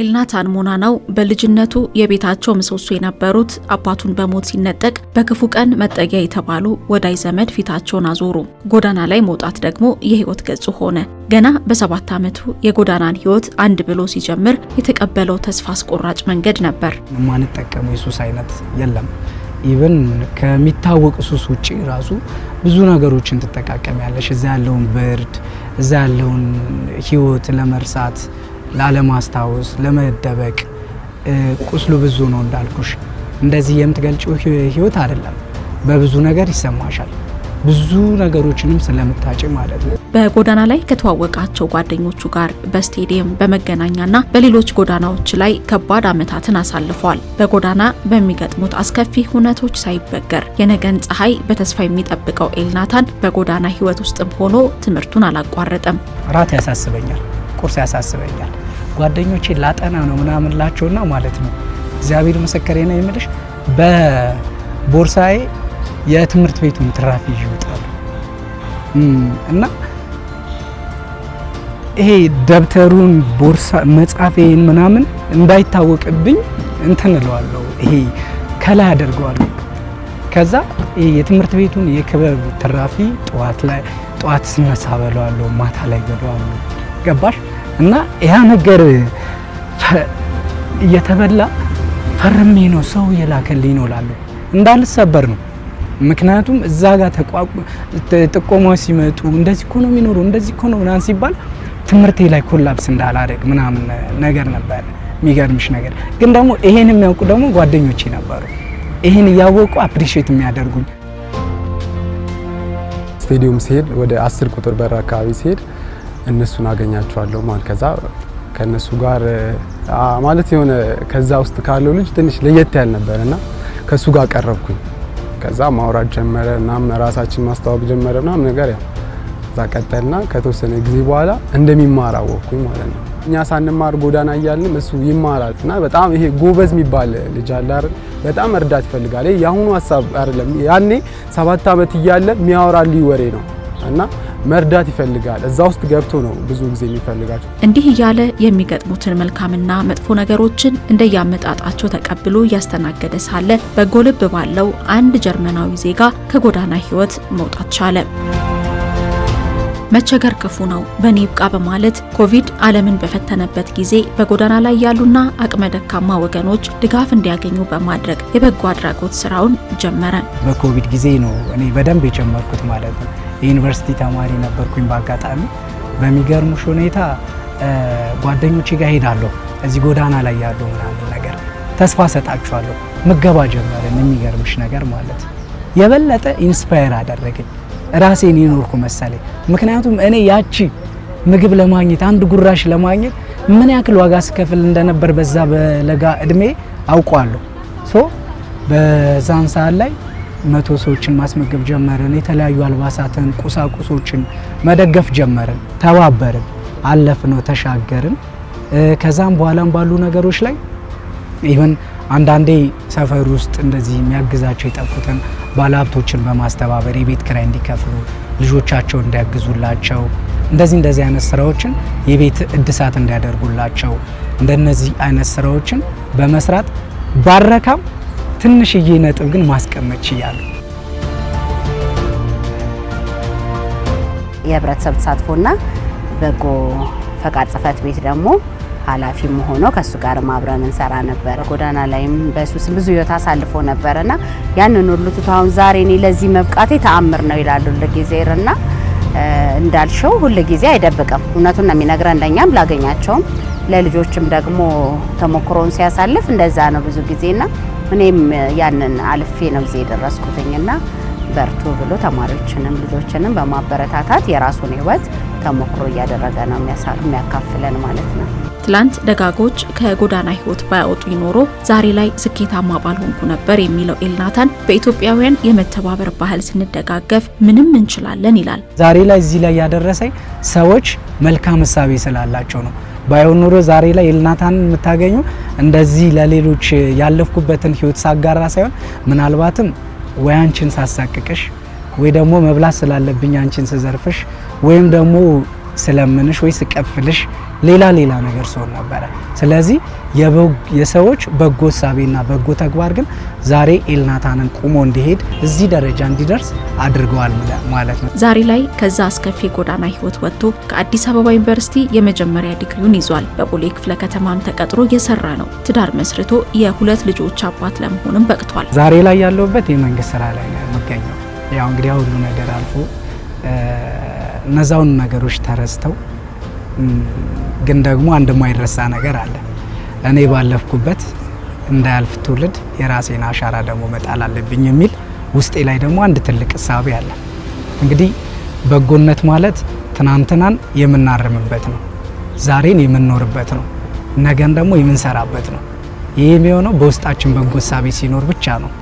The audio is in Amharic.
ኤልናታን ሞናናው በልጅነቱ የቤታቸው ምሰሶ የነበሩት አባቱን በሞት ሲነጠቅ በክፉ ቀን መጠጊያ የተባሉ ወዳጅ ዘመድ ፊታቸውን አዞሩ። ጎዳና ላይ መውጣት ደግሞ የህይወት ገጹ ሆነ። ገና በሰባት ዓመቱ የጎዳናን ህይወት አንድ ብሎ ሲጀምር የተቀበለው ተስፋ አስቆራጭ መንገድ ነበር። የማንጠቀመው የሱስ አይነት የለም። ኢቨን ከሚታወቅ ሱስ ውጭ ራሱ ብዙ ነገሮችን ትጠቃቀሚያለሽ። እዛ ያለውን ብርድ፣ እዛ ያለውን ህይወት ለመርሳት ላለማስታወስ፣ ለመደበቅ ቁስሉ ብዙ ነው እንዳልኩሽ። እንደዚህ የምትገልጪው ህይወት አይደለም። በብዙ ነገር ይሰማሻል ብዙ ነገሮችንም ስለምታጭ ማለት ነው። በጎዳና ላይ ከተዋወቃቸው ጓደኞቹ ጋር በስቴዲየም በመገናኛና በሌሎች ጎዳናዎች ላይ ከባድ ዓመታትን አሳልፏል። በጎዳና በሚገጥሙት አስከፊ ሁነቶች ሳይበገር የነገን ፀሐይ በተስፋ የሚጠብቀው ኤልናታን በጎዳና ህይወት ውስጥም ሆኖ ትምህርቱን አላቋረጠም። ራት ያሳስበኛል፣ ቁርስ ያሳስበኛል፣ ጓደኞቼ ላጠና ነው ምናምን ላቸውና ማለት ነው እግዚአብሔር መሰከሬ ነው የምልሽ በቦርሳዬ የትምህርት ቤቱን ትራፊ ይወጣሉ እና ይሄ ደብተሩን ቦርሳ መጻፌን ምናምን እንዳይታወቅብኝ እንትን እለዋለሁ። ይሄ ከላይ አደርገዋለሁ። ከዛ ይሄ የትምህርት ቤቱን የክበብ ትራፊ ጠዋት ላይ ጠዋት ስነሳ በለዋለሁ፣ ማታ ላይ በለዋለሁ። ገባሽ? እና ያ ነገር እየተበላ ፈርሜ ነው ሰው የላከልኝ ነው እላለሁ። እንዳልሰበር ነው። ምክንያቱም እዛ ጋር ተቋቁ ጥቆማ ሲመጡ እንደዚህ እኮ ነው የሚኖሩ እንደዚህ እኮ ነው ምናምን ሲባል ትምህርቴ ላይ ኮላፕስ እንዳላደርግ ምናምን ነገር ነበር። የሚገርምሽ ነገር ግን ደግሞ ይሄን የሚያውቁ ደግሞ ጓደኞቼ ነበሩ። ይሄን እያወቁ አፕሪሼት የሚያደርጉኝ ስቴዲየም ሲሄድ ወደ አስር ቁጥር በር አካባቢ ሲሄድ እነሱን አገኛቸዋለሁ ማለት ከዛ ከነሱ ጋር ማለት የሆነ ከዛ ውስጥ ካለው ልጅ ትንሽ ለየት ያል ነበር እና ከእሱ ጋር ቀረብኩኝ። ከዛ ማውራት ጀመረ ምናምን ራሳችን ማስተዋወቅ ጀመረ ምናምን ነገር ያው እዛ ቀጠልና ከተወሰነ ጊዜ በኋላ እንደሚማር አወቅኩኝ ማለት ነው። እኛ ሳንማር ጎዳና እያልንም እሱ ይማራል እና በጣም ይሄ ጎበዝ የሚባል ልጅ አለ አይደል? በጣም እርዳት ይፈልጋል። ይሄ የአሁኑ ሀሳብ አይደለም። ያኔ ሰባት ዓመት እያለ የሚያወራ ልዩ ወሬ ነው። እና መርዳት ይፈልጋል። እዛ ውስጥ ገብቶ ነው ብዙ ጊዜ የሚፈልጋቸው። እንዲህ እያለ የሚገጥሙትን መልካምና መጥፎ ነገሮችን እንደያመጣጣቸው ተቀብሎ እያስተናገደ ሳለ በጎ ልብ ባለው አንድ ጀርመናዊ ዜጋ ከጎዳና ህይወት መውጣት ቻለ። መቸገር ክፉ ነው፣ በኔ ይብቃ በማለት ኮቪድ ዓለምን በፈተነበት ጊዜ በጎዳና ላይ ያሉና አቅመ ደካማ ወገኖች ድጋፍ እንዲያገኙ በማድረግ የበጎ አድራጎት ስራውን ጀመረ። በኮቪድ ጊዜ ነው እኔ በደንብ የጀመርኩት ማለት ነው። የዩኒቨርሲቲ ተማሪ ነበርኩኝ። በአጋጣሚ በሚገርሙሽ ሁኔታ ጓደኞቼ ጋር ሄዳለሁ እዚህ ጎዳና ላይ ያለው ምናምን ነገር ተስፋ ሰጣችኋለሁ። ምገባ ጀመርን። የሚገርምሽ ነገር ማለት የበለጠ ኢንስፓየር አደረገኝ ራሴን ይኖርኩ መሰለኝ። ምክንያቱም እኔ ያቺ ምግብ ለማግኘት አንድ ጉራሽ ለማግኘት ምን ያክል ዋጋ ስከፍል እንደነበር በዛ በለጋ እድሜ አውቋለሁ። ሶ በዛን ሰዓት ላይ መቶ ሰዎችን ማስመገብ ጀመርን። የተለያዩ አልባሳትን፣ ቁሳቁሶችን መደገፍ ጀመርን። ተባበርን፣ ነው ተሻገርን። ከዛም በኋላም ባሉ ነገሮች ላይ ኢቨን አንዳንዴ ሰፈር ውስጥ እንደዚህ የሚያግዛቸው የጠፉትን ባለሀብቶችን በማስተባበር የቤት ክራይ እንዲከፍሉ ልጆቻቸው እንዲያግዙላቸው እንደዚህ እንደዚህ አይነት ስራዎችን የቤት እድሳት እንዲያደርጉላቸው እንደነዚህ አይነት ስራዎችን በመስራት ባረካም ትንሽዬ ነጥብ ግን ማስቀመጥ ችያለሁ። የህብረተሰብ ተሳትፎና በጎ ፈቃድ ጽህፈት ቤት ደግሞ ኃላፊም ሆኖ ከእሱ ጋር አብረን እንሰራ ነበር። ጎዳና ላይም በሱስ ብዙ ህይወት አሳልፎ ነበርና ያንን ሁሉ ትቶ አሁን ዛሬ እኔ ለዚህ መብቃቴ ተአምር ነው ይላሉ ሁልጊዜና እንዳልሽው ሁልጊዜ አይደብቅም። እውነቱን ነው የሚነግረን እንደኛም ላገኛቸውም ለልጆችም ደግሞ ተሞክሮውን ሲያሳልፍ እንደዛ ነው ብዙ ጊዜና እኔም ያንን አልፌ ነው እዚህ የደረስኩትኝና በርቱ ብሎ ተማሪዎችንም ልጆችንም በማበረታታት የራሱን ህይወት ተሞክሮ እያደረገ ነው የሚያካፍለን ማለት ነው። ትላንት ደጋጎች ከጎዳና ህይወት ባያወጡ ይኖሮ ዛሬ ላይ ስኬታማ ባልሆንኩ ነበር የሚለው ኤልናታን በኢትዮጵያውያን የመተባበር ባህል ስንደጋገፍ ምንም እንችላለን ይላል። ዛሬ ላይ እዚህ ላይ ያደረሰኝ ሰዎች መልካም እሳቤ ስላላቸው ነው። ባይሆን ኑሮ ዛሬ ላይ ኤልናታን የምታገኙ እንደዚህ ለሌሎች ያለፍኩበትን ህይወት ሳጋራ ሳይሆን ምናልባትም ወይ አንቺን ሳሳቅቅሽ ወይ ደግሞ መብላት ስላለብኝ አንቺን ስዘርፍሽ ወይም ደግሞ ስለምንሽ ወይ ስቀፍልሽ ሌላ ሌላ ነገር ሰው ነበረ። ስለዚህ የሰዎች በጎ እሳቤና በጎ ተግባር ግን ዛሬ ኤልናታንን ቁሞ እንዲሄድ እዚህ ደረጃ እንዲደርስ አድርገዋል ማለት ነው። ዛሬ ላይ ከዛ አስከፊ የጎዳና ህይወት ወጥቶ ከአዲስ አበባ ዩኒቨርሲቲ የመጀመሪያ ዲግሪውን ይዟል። በቦሌ ክፍለ ከተማም ተቀጥሮ እየሰራ ነው። ትዳር መስርቶ የሁለት ልጆች አባት ለመሆንም በቅቷል። ዛሬ ላይ ያለውበት የመንግስት ስራ ላይ ነው የምገኘው። ያው እንግዲህ ሁሉ ነገር አልፎ እነዛውን ነገሮች ተረስተው ግን ደግሞ አንድ የማይረሳ ነገር አለ። እኔ ባለፍኩበት እንዳያልፍ ትውልድ የራሴን አሻራ ደግሞ መጣል አለብኝ የሚል ውስጤ ላይ ደግሞ አንድ ትልቅ እሳቤ አለ። እንግዲህ በጎነት ማለት ትናንትናን የምናርምበት ነው፣ ዛሬን የምንኖርበት ነው፣ ነገን ደግሞ የምንሰራበት ነው። ይህ የሚሆነው በውስጣችን በጎ እሳቤ ሲኖር ብቻ ነው።